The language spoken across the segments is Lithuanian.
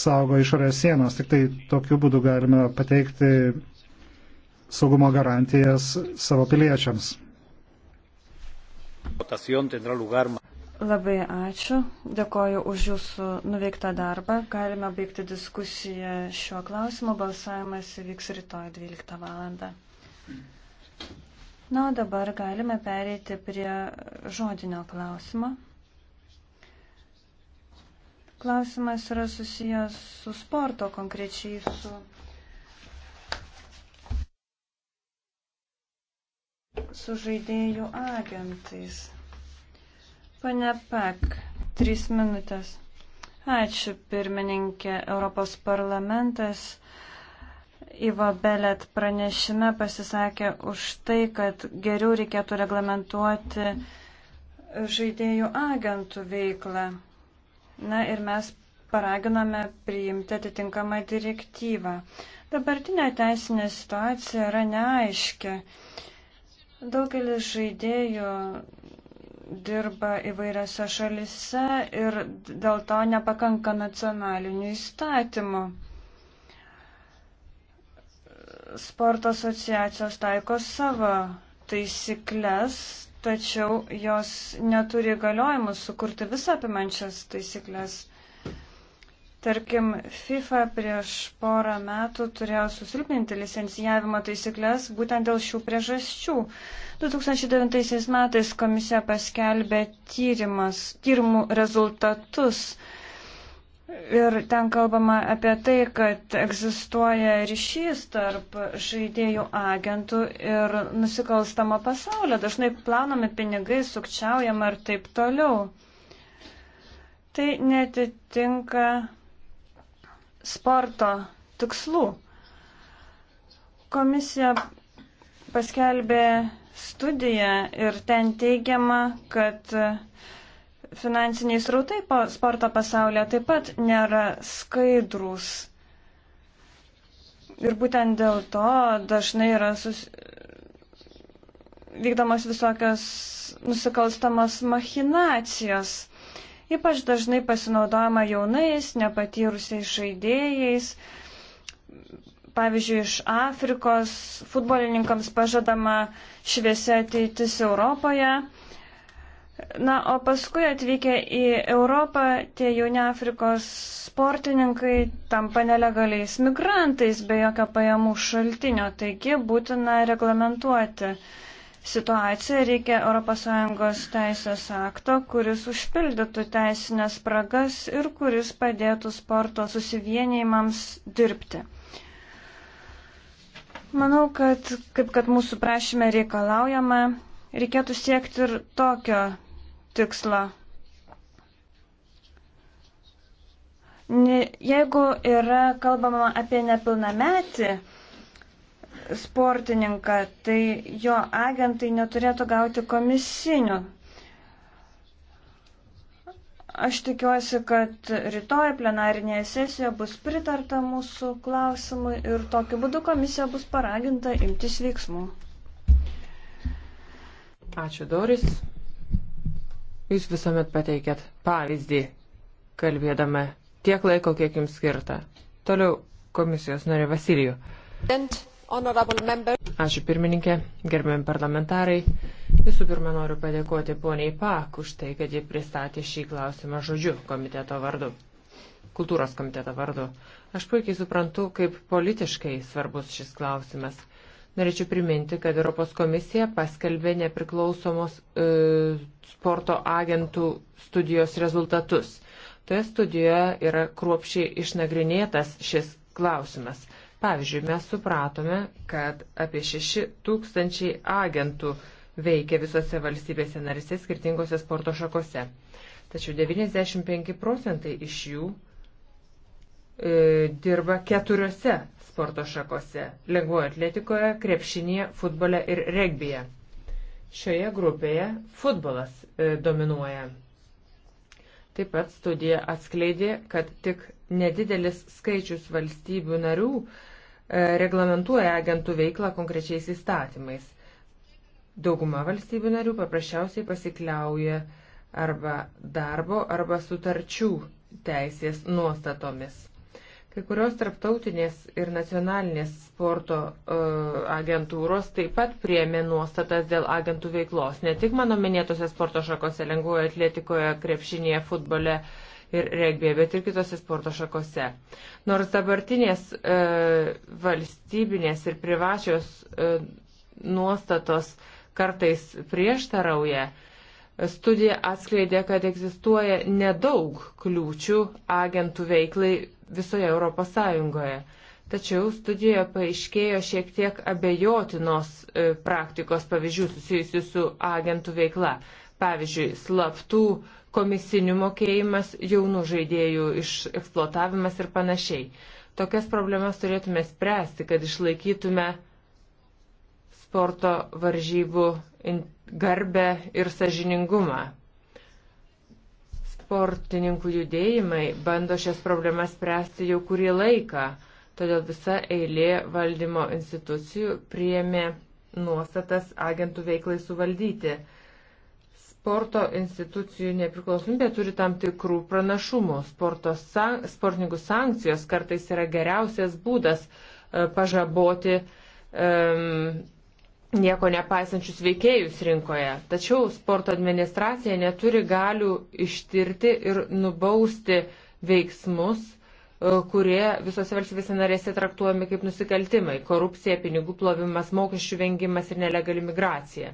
saugo išorės sienos. Tik tai tokiu būdu galime pateikti saugumo garantijas savo piliečiams. Labai ačiū. Dėkoju už jūsų nuveiktą darbą. Galime baigti diskusiją šiuo klausimu. Balsavimas įvyks rytoj 12 val. Na, o dabar galime pereiti prie žodinio klausimo. Klausimas yra susijęs su sporto konkrečiai, su su žaidėjų agentais. Pane Pak, trys minutės. Ačiū, pirmininkė. Europos parlamentas Ivo Belet pranešime pasisakė už tai, kad geriau reikėtų reglamentuoti žaidėjų agentų veiklą. Na ir mes paraginome priimti atitinkamą direktyvą. Dabartinė teisinė situacija yra neaiški. Daugelis žaidėjų dirba įvairiose šalise ir dėl to nepakanka nacionalinių įstatymų. Sporto asociacijos taiko savo taisyklės, tačiau jos neturi galiojimus sukurti visą apimančias taisyklės. Tarkim, FIFA prieš porą metų turėjo susilpninti licencijavimo taisyklės būtent dėl šių priežasčių. 2009 metais komisija paskelbė tyrimas, tyrimų rezultatus Ir ten kalbama apie tai, kad egzistuoja ryšys tarp žaidėjų agentų ir nusikalstamo pasaulio. Dažnai planomi pinigai, sukčiaujama ir taip toliau. Tai netitinka sporto tikslų. Komisija paskelbė studiją ir ten teigiama, kad Finansiniai srautai po sporto pasaulyje taip pat nėra skaidrus. Ir būtent dėl to dažnai yra sus... vykdomas visokios nusikalstamos machinacijos. Ypač dažnai pasinaudojama jaunais, nepatyrusiais žaidėjais. Pavyzdžiui, iš Afrikos futbolininkams pažadama šviesi ateitis Europoje Na, o paskui atvykę į Europą, tie jauni Afrikos sportininkai tampa nelegaliais migrantais be jokio pajamų šaltinio, taigi būtina reglamentuoti situaciją, reikia ES teisės akto, kuris užpildytų teisinės spragas ir kuris padėtų sporto susivienijimams dirbti. Manau, kad kaip kad mūsų prašyme reikalaujama, reikėtų siekti ir tokio tikslą. Jeigu yra kalbama apie nepilnametį sportininką, tai jo agentai neturėtų gauti komisinių. Aš tikiuosi, kad rytoj plenarinėje sesijoje bus pritarta mūsų klausimui ir tokiu būdu komisija bus paraginta imtis veiksmų. Ačiū, Doris. Jūs visuomet pateikėt pavyzdį, kalbėdama tiek laiko, kiek jums skirta. Toliau komisijos norė Vasilijų. Ačiū pirmininkė, gerbiami parlamentarai. Visų pirma, noriu padėkoti poniai Pak už tai, kad ji pristatė šį klausimą žodžiu komiteto vardu kultūros komiteto vardu. Aš puikiai suprantu, kaip politiškai svarbus šis klausimas. Norėčiau priminti, kad Europos komisija paskelbė nepriklausomos e, sporto agentų studijos rezultatus. Toje studijoje yra kruopšiai išnagrinėtas šis klausimas. Pavyzdžiui, mes supratome, kad apie 6 tūkstančiai agentų veikia visose valstybėse narise skirtingose sporto šakose. Tačiau 95 procentai iš jų e, dirba keturiose sporto šakose - lengvojo atletikoje, krepšinėje, futbole ir regbėje. Šioje grupėje futbolas e, dominuoja. Taip pat studija atskleidė, kad tik nedidelis skaičius valstybių narių e, reglamentuoja agentų veiklą konkrečiais įstatymais. Dauguma valstybių narių paprasčiausiai pasikliauja arba darbo, arba sutarčių teisės nuostatomis. Kai kurios tarptautinės ir nacionalinės sporto uh, agentūros taip pat priemė nuostatas dėl agentų veiklos. Ne tik mano minėtose sporto šakose, lengvoje atletikoje, krepšinėje, futbole ir regbėje, bet ir kitose sporto šakose. Nors dabartinės uh, valstybinės ir privačios uh, nuostatos kartais prieštarauja, uh, studija atskleidė, kad egzistuoja nedaug kliūčių agentų veiklai visoje Europos Sąjungoje. Tačiau studijoje paaiškėjo šiek tiek abejotinos e, praktikos pavyzdžių susijusių su agentų veikla. Pavyzdžiui, slaptų komisinių mokėjimas, jaunų žaidėjų išeksploatavimas ir panašiai. Tokias problemas turėtume spręsti, kad išlaikytume sporto varžybų garbę ir sažiningumą. Transportininkų judėjimai bando šias problemas spręsti jau kurį laiką, todėl visa eilė valdymo institucijų priėmė nuostatas agentų veiklai suvaldyti. Sporto institucijų nepriklausomybė turi tam tikrų pranašumų. Sporto, sportininkų sankcijos kartais yra geriausias būdas e, pažaboti um, nieko nepaisančius veikėjus rinkoje. Tačiau sporto administracija neturi galių ištirti ir nubausti veiksmus, e, kurie visose valstybėse narėse traktuojami kaip nusikaltimai - korupcija, pinigų plovimas, mokesčių vengimas ir nelegali migracija.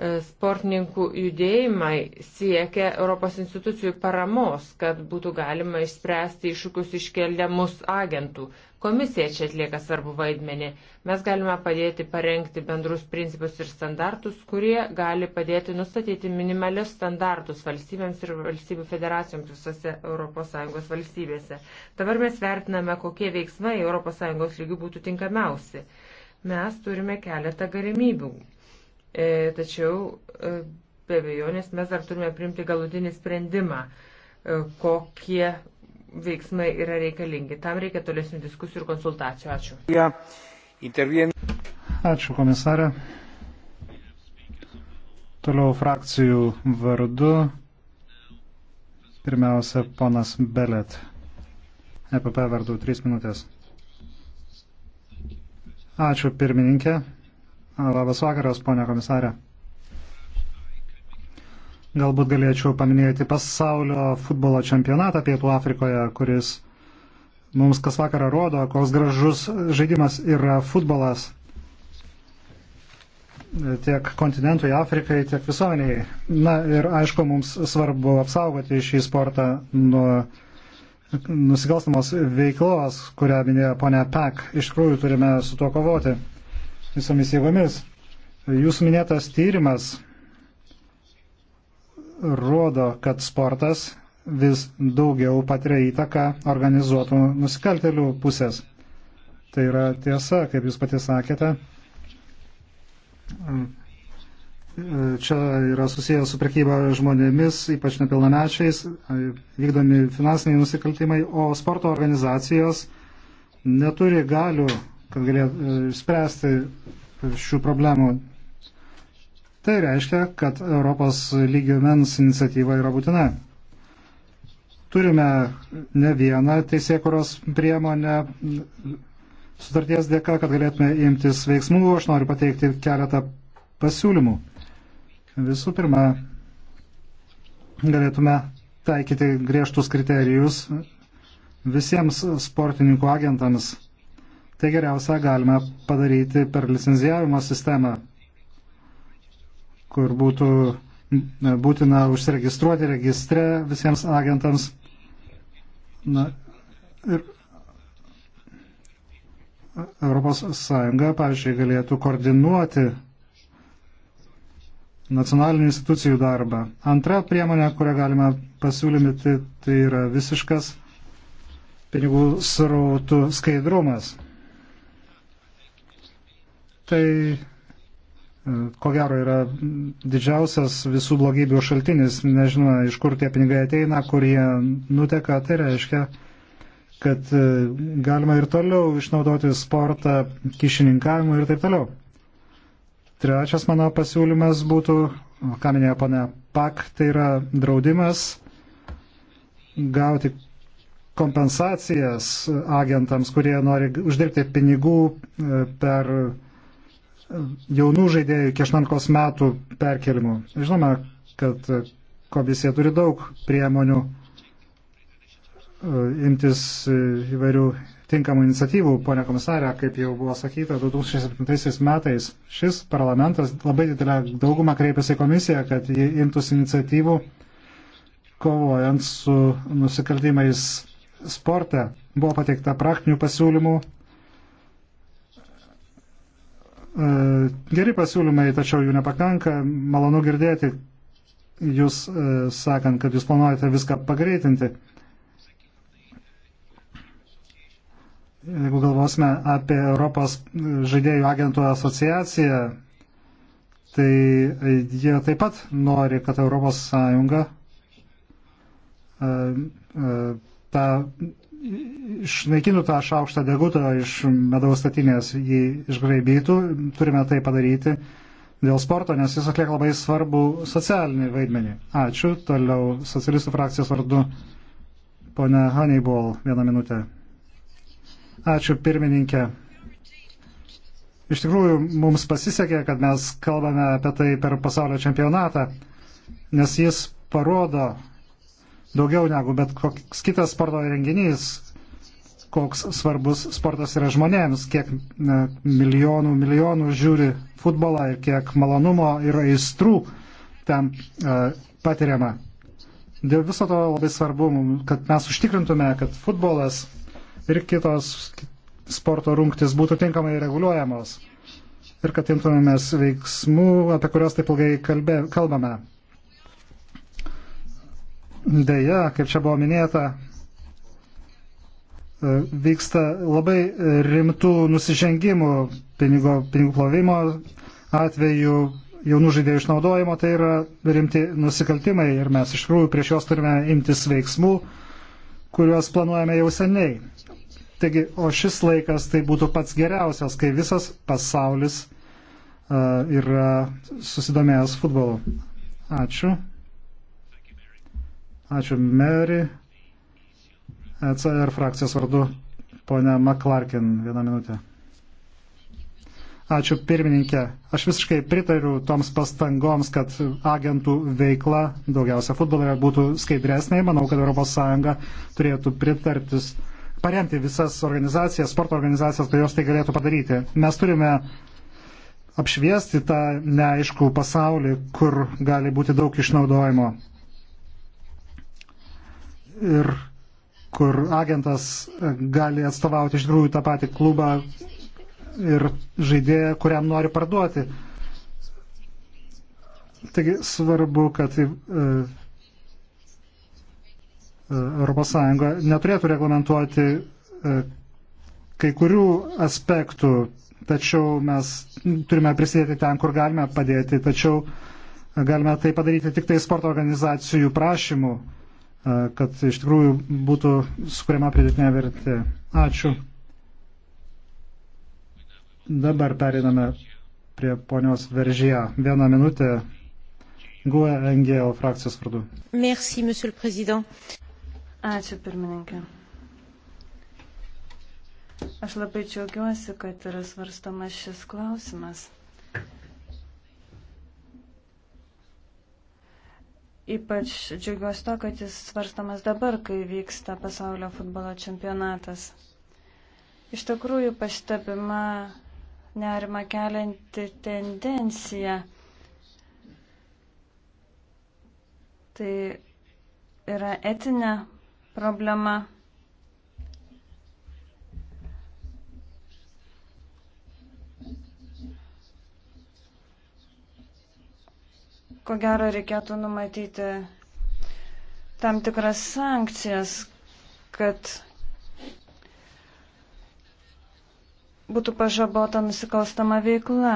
E, sportininkų judėjimai siekia Europos institucijų paramos, kad būtų galima išspręsti iššūkius iškeliamus agentų. Komisija čia atlieka svarbu vaidmenį. Mes galime padėti parengti bendrus principus ir standartus, kurie gali padėti nustatyti minimalius standartus valstybėms ir valstybių federacijoms visose ES valstybėse. Dabar mes vertiname, kokie veiksmai ES lygių būtų tinkamiausi. Mes turime keletą galimybių. E, tačiau e, be abejonės mes dar turime primti galutinį sprendimą, e, kokie veiksmai yra reikalingi. Tam reikia tolesnių diskusijų ir konsultacijų. Ačiū. Ačiū komisarė. Toliau frakcijų vardu. Pirmiausia, ponas Belet. EPP vardu 3 minutės. Ačiū pirmininkė. Labas vakaras, ponia komisarė. Galbūt galėčiau paminėti pasaulio futbolo čempionatą Pietų Afrikoje, kuris mums kas vakarą rodo, koks gražus žaidimas yra futbolas tiek kontinentui Afrikai, tiek visuomeniai. Na ir aišku, mums svarbu apsaugoti šį sportą nuo nusikalstamos veiklos, kurią minėjo ponia Pek. Iš tikrųjų turime su tuo kovoti visomis jėgomis. Jūsų minėtas tyrimas rodo, kad sportas vis daugiau patiria įtaką organizuotų nusikaltelių pusės. Tai yra tiesa, kaip jūs pati sakėte. Mm. Čia yra susijęs su prekyba žmonėmis, ypač nepilnamečiais, vykdomi finansiniai nusikaltimai, o sporto organizacijos neturi galių, kad galėtų e, spręsti šių problemų. Tai reiškia, kad Europos lygiumens iniciatyva yra būtina. Turime ne vieną teisėkuros priemonę sutarties dėka, kad galėtume imtis veiksmų. Aš noriu pateikti keletą pasiūlymų. Visų pirma, galėtume taikyti griežtus kriterijus visiems sportininkų agentams. Tai geriausia galime padaryti per licenzijavimo sistemą kur būtų būtina užsiregistruoti registre visiems agentams. Na, ir Europos Sąjunga, pavyzdžiui, galėtų koordinuoti nacionalinių institucijų darbą. Antra priemonė, kurią galime pasiūlymyti, tai yra visiškas pinigų srautų skaidrumas. Tai ko gero yra didžiausias visų blogybių šaltinis. Nežinome, iš kur tie pinigai ateina, kur jie nuteka. Tai reiškia, kad e, galima ir toliau išnaudoti sportą, kišininkavimą ir taip toliau. Trečias mano pasiūlymas būtų, ką minėjo pane PAK, tai yra draudimas gauti kompensacijas agentams, kurie nori uždirbti pinigų e, per jaunų žaidėjų iki 18 metų perkelimu. Žinoma, kad komisija turi daug priemonių e, imtis e, įvairių tinkamų iniciatyvų, ponė komisarė, kaip jau buvo sakyta, 2007 metais šis parlamentas labai didelę daugumą kreipėsi į komisiją, kad jie imtųsi iniciatyvų kovojant su nusikaltimais sporte. Buvo pateikta praktinių pasiūlymų E, geri pasiūlymai, tačiau jų nepakanka. Malonu girdėti jūs e, sakant, kad jūs planuojate viską pagreitinti. Jeigu galvosime apie Europos žaidėjų agentų asociaciją, tai jie taip pat nori, kad Europos Sąjunga e, tą išnaikintų tą šaukštą degutą iš medaus statinės, jį išgraibytų, turime tai padaryti dėl sporto, nes jis atlieka labai svarbu socialinį vaidmenį. Ačiū. Toliau socialistų frakcijos vardu ponia Honeyball, vieną minutę. Ačiū pirmininkė. Iš tikrųjų, mums pasisekė, kad mes kalbame apie tai per pasaulio čempionatą, nes jis parodo, daugiau negu bet koks kitas sporto renginys, koks svarbus sportas yra žmonėms, kiek milijonų, milijonų žiūri futbolą ir kiek malonumo ir aistrų tam e, patiriama. Dėl viso to labai svarbu, kad mes užtikrintume, kad futbolas ir kitos sporto rungtis būtų tinkamai reguliuojamos ir kad imtumėmės veiksmų, apie kuriuos taip ilgai kalbė, kalbame. Deja, kaip čia buvo minėta, e, vyksta labai rimtų nusižengimų pinigo, pinigų plovimo atveju, jaunų žaidėjų išnaudojimo, tai yra rimti nusikaltimai ir mes iš tikrųjų prieš juos turime imtis veiksmų, kuriuos planuojame jau seniai. Taigi, o šis laikas tai būtų pats geriausias, kai visas pasaulis uh, yra susidomėjęs futbolu. Ačiū. Ačiū, Mary. ECR frakcijos vardu, ponia McClarkin, vieną minutę. Ačiū, pirmininkė. Aš visiškai pritariu toms pastangoms, kad agentų veikla, daugiausia futbole, būtų skaidresnė. Manau, kad ES turėtų pritartis paremti visas organizacijas, sporto organizacijas, kad jos tai galėtų padaryti. Mes turime apšviesti tą neaiškų pasaulį, kur gali būti daug išnaudojimo ir kur agentas gali atstovauti iš tikrųjų tą patį klubą ir žaidėją, kuriam nori parduoti. Taigi svarbu, kad e, ES neturėtų reglamentuoti e, kai kurių aspektų, tačiau mes turime prisidėti ten, kur galime padėti, tačiau galime tai padaryti tik tai sporto organizacijų prašymų. E, kad iš tikrųjų būtų sukuriama pridėtinė vertė. Ačiū. Dabar periname prie ponios Veržyje. Vieną minutę. Guė NGL frakcijos vardu. Merci, monsieur le président. Ačiū, pirmininkė. Aš labai džiaugiuosi, kad yra svarstamas šis klausimas. Ypač džiaugiuosi to, kad jis svarstamas dabar, kai vyksta pasaulio futbolo čempionatas. Iš tikrųjų pastebima nerima kelianti tendencija. Tai yra etinė problema. ko gero reikėtų numatyti tam tikras sankcijas, kad būtų pažabota nusikalstama veikla.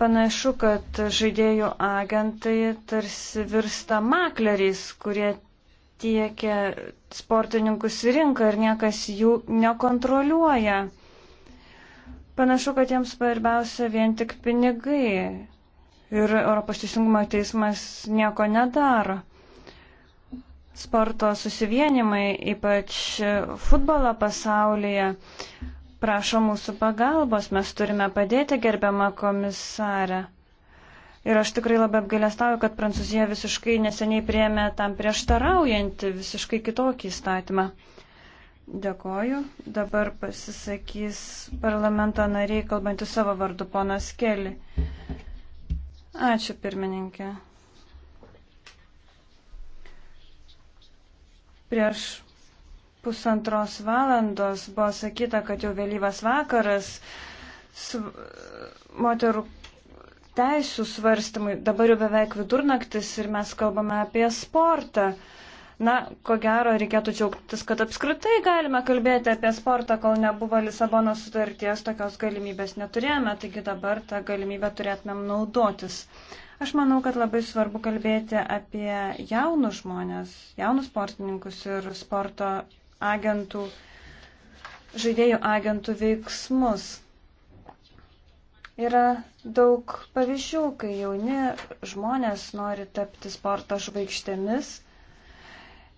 Panašu, kad žaidėjų agentai tarsi virsta makleriais, kurie tiekia sportininkus į rinką ir niekas jų nekontroliuoja. Panašu, kad jiems svarbiausia vien tik pinigai ir Europos teisingumo teismas nieko nedaro. Sporto susivienimai, ypač futbolo pasaulyje, prašo mūsų pagalbos, mes turime padėti gerbiamą komisarę. Ir aš tikrai labai apgailestauju, kad Prancūzija visiškai neseniai priemė tam prieštaraujantį visiškai kitokį įstatymą. Dėkoju. Dabar pasisakys parlamento nariai, kalbantį savo vardu, ponas Keli. Ačiū, pirmininkė. Prieš pusantros valandos buvo sakyta, kad jau vėlyvas vakaras moterų teisų svarstymui. Dabar jau beveik vidurnaktis ir mes kalbame apie sportą. Uh, Na, ko gero, reikėtų džiaugtis, kad apskritai galime kalbėti apie sportą, kol nebuvo Lisabono sutarties, tokios galimybės neturėjome, taigi dabar tą galimybę turėtumėm naudotis. Aš manau, kad labai svarbu kalbėti apie jaunus žmonės, jaunus sportininkus ir sporto agentų, žaidėjų agentų veiksmus. Yra daug pavyzdžių, kai jauni žmonės nori tapti sporto žvaigždėmis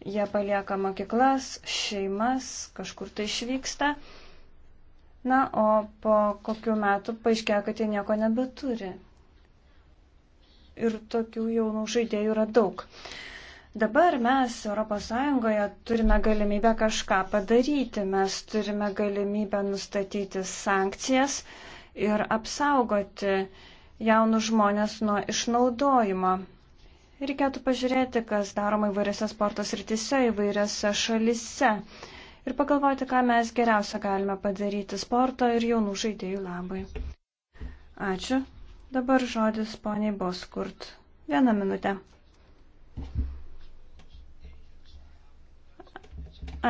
Jie palieka mokyklas, šeimas, kažkur tai išvyksta. Na, o po kokių metų paaiškia, kad jie nieko nebeturi. Ir tokių jaunų žaidėjų yra daug. Dabar mes ES turime galimybę kažką padaryti, mes turime galimybę nustatyti sankcijas ir apsaugoti jaunus žmonės nuo išnaudojimo. Reikėtų pažiūrėti, kas daroma įvairiose sporto srityse, įvairiose šalise. Ir pagalvoti, ką mes geriausia galime padaryti sporto ir jaunų žaidėjų labai. Ačiū. Dabar žodis poniai Boskurt. Vieną minutę.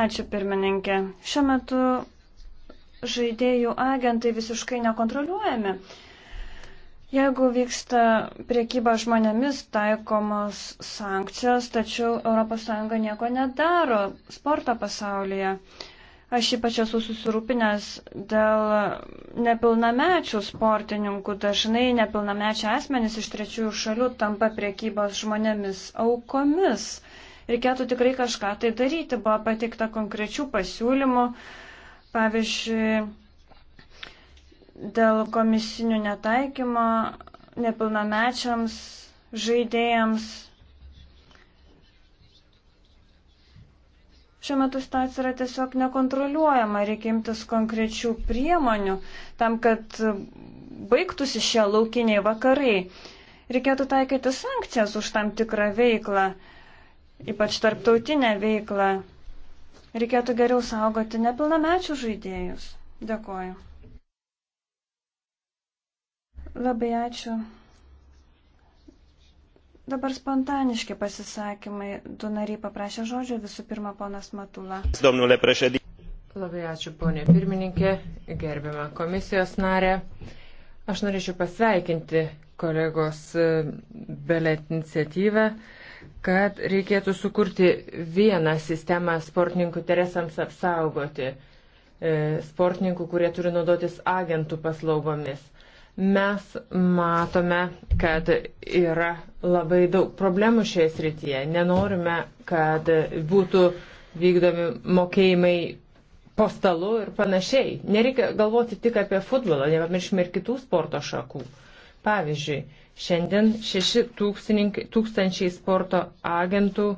Ačiū pirmininkė. Šiuo metu žaidėjų agentai visiškai nekontroliuojami. Jeigu vyksta priekyba žmonėmis taikomos sankcijos, tačiau ES nieko nedaro sporto pasaulyje. Aš ypač esu susirūpinęs dėl nepilnamečių sportininkų. Dažnai nepilnamečiai asmenys iš trečiųjų šalių tampa priekybos žmonėmis aukomis. Reikėtų tikrai kažką tai daryti. Buvo pateikta konkrečių pasiūlymų. Pavyzdžiui, dėl komisinių netaikymo nepilnamečiams žaidėjams. Šiuo metu situacija yra tiesiog nekontroliuojama, reikia imtis konkrečių priemonių tam, kad baigtųsi šie laukiniai vakarai. Reikėtų taikyti sankcijas už tam tikrą veiklą, ypač tarptautinę veiklą. Reikėtų geriau saugoti nepilnamečių žaidėjus. Dėkuoju. Labai ačiū. Dabar spontaniški pasisakymai. Du nariai paprašė žodžio, visų pirma, ponas Matula. Domnule prešedį. Labai ačiū, ponė pirmininkė, gerbiama komisijos narė. Aš norėčiau pasveikinti kolegos e, Belet iniciatyvą, kad reikėtų sukurti vieną sistemą sportininkų interesams apsaugoti, e, sportininkų, kurie turi naudotis agentų paslaugomis. Mes matome, kad yra labai daug problemų šioje srityje. Nenorime, kad būtų vykdomi mokėjimai po stalu ir panašiai. Nereikia galvoti tik apie futbolą, nepamirškime ir kitų sporto šakų. Pavyzdžiui, šiandien 6 tūkstančiai sporto agentų e,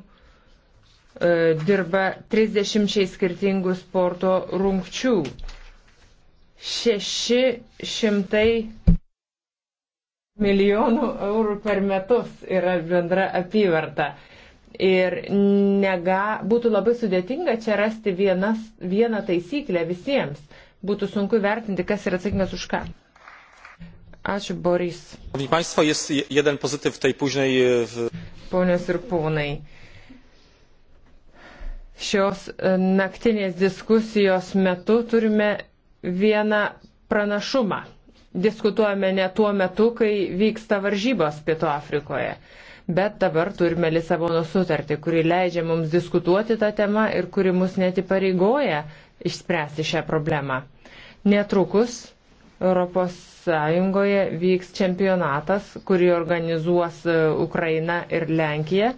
dirba 30 skirtingų sporto rungčių. 600 milijonų eurų per metus yra bendra apyvarta. Ir nega, būtų labai sudėtinga čia rasti vienas, vieną taisyklę visiems. Būtų sunku vertinti, kas yra atsakingas už ką. Ačiū, Boris. E, Ponios ir ponai, šios e, naktinės diskusijos metu turime vieną pranašumą diskutuojame ne tuo metu, kai vyksta varžybos Pietų Afrikoje. Bet dabar turime Lisabono sutartį, kuri leidžia mums diskutuoti tą temą ir kuri mus net įpareigoja išspręsti šią problemą. Netrukus Europos Sąjungoje vyks čempionatas, kurį organizuos e, Ukraina ir Lenkija.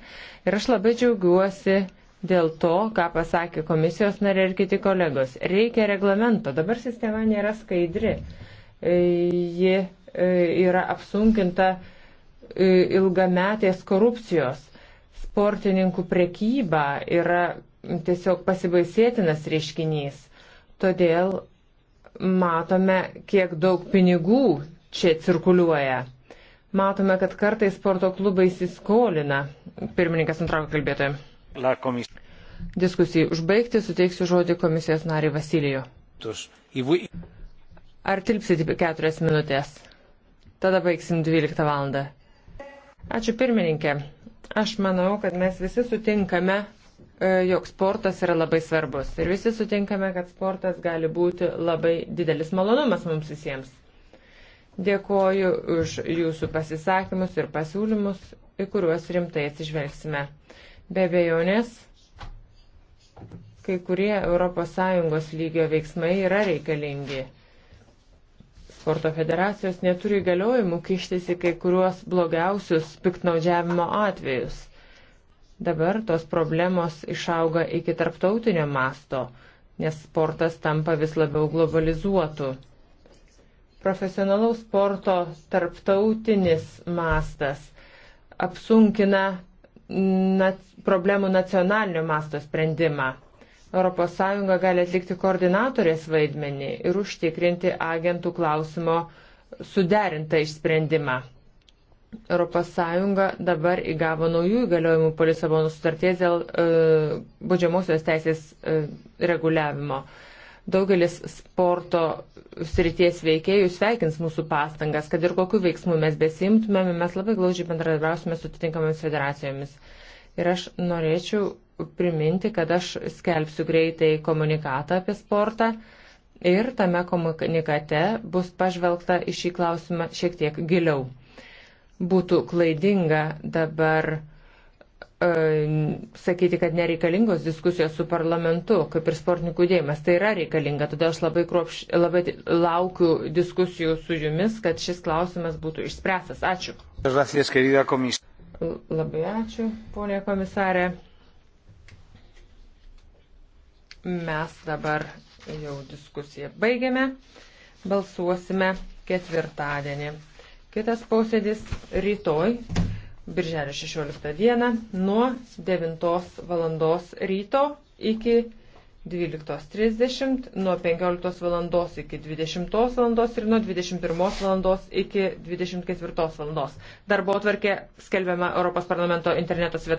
Ir aš labai džiaugiuosi dėl to, ką pasakė komisijos narė ir kiti kolegos. Reikia reglamento, dabar sistema nėra skaidri. E, ji e, yra apsunkinta e, ilgametės korupcijos. Sportininkų prekyba yra tiesiog pasibaisėtinas reiškinys. Todėl matome, kiek daug pinigų čia cirkuliuoja. Matome, kad kartais sporto klubai įsiskolina. Pirmininkas nutraukė kalbėtoją. Diskusijai užbaigti suteiksiu žodį komisijos nariai Vasilijų. Ar tilpsit keturias minutės? Tada baigsim 12 valandą. Ačiū pirmininkė. Aš manau, kad mes visi sutinkame, e, jog sportas yra labai svarbus. Ir visi sutinkame, kad sportas gali būti labai didelis malonumas mums visiems. Dėkoju už jūsų pasisakymus ir pasiūlymus, į kuriuos rimtai atsižvelgsime. Be bejonės, kai kurie ES lygio veiksmai yra reikalingi sporto federacijos neturi įgaliojimų kištis į kai kuriuos blogiausius piknaudžiavimo atvejus. Dabar tos problemos išauga iki tarptautinio masto, nes sportas tampa vis labiau globalizuotu. Profesionalaus sporto tarptautinis mastas apsunkina problemų nacionalinio masto sprendimą. ES gali atlikti koordinatorės vaidmenį ir užtikrinti agentų klausimo suderintą išsprendimą. ES dabar įgavo naujų įgaliojimų po Lisabonų sutarties dėl e, baudžiamosios teisės e, reguliavimo. Daugelis sporto srities veikėjų sveikins mūsų pastangas, kad ir kokiu veiksmu mes besimtumėm, mes labai glaužiai bendradarbiausime su atitinkamomis federacijomis. Ir aš norėčiau priminti, kad aš skelbsiu greitai komunikatą apie sportą ir tame komunikate bus pažvelgta į šį klausimą šiek tiek giliau. Būtų klaidinga dabar e, sakyti, kad nereikalingos diskusijos su parlamentu, kaip ir sportininkų judėjimas. Tai yra reikalinga, todėl aš labai, kruopš, labai laukiu diskusijų su jumis, kad šis klausimas būtų išspręstas. Ačiū. Gracias, Labai ačiū, ponė komisarė. Mes dabar jau diskusiją baigiame. Balsuosime ketvirtadienį. Kitas posėdis rytoj, birželio 16 dieną, nuo 9 val. ryto iki 12.30, nuo 15 val. iki 20 val. ir nuo 21 val. iki 24 val. Darbo atvarkė skelbiama Europos parlamento interneto svetainėje.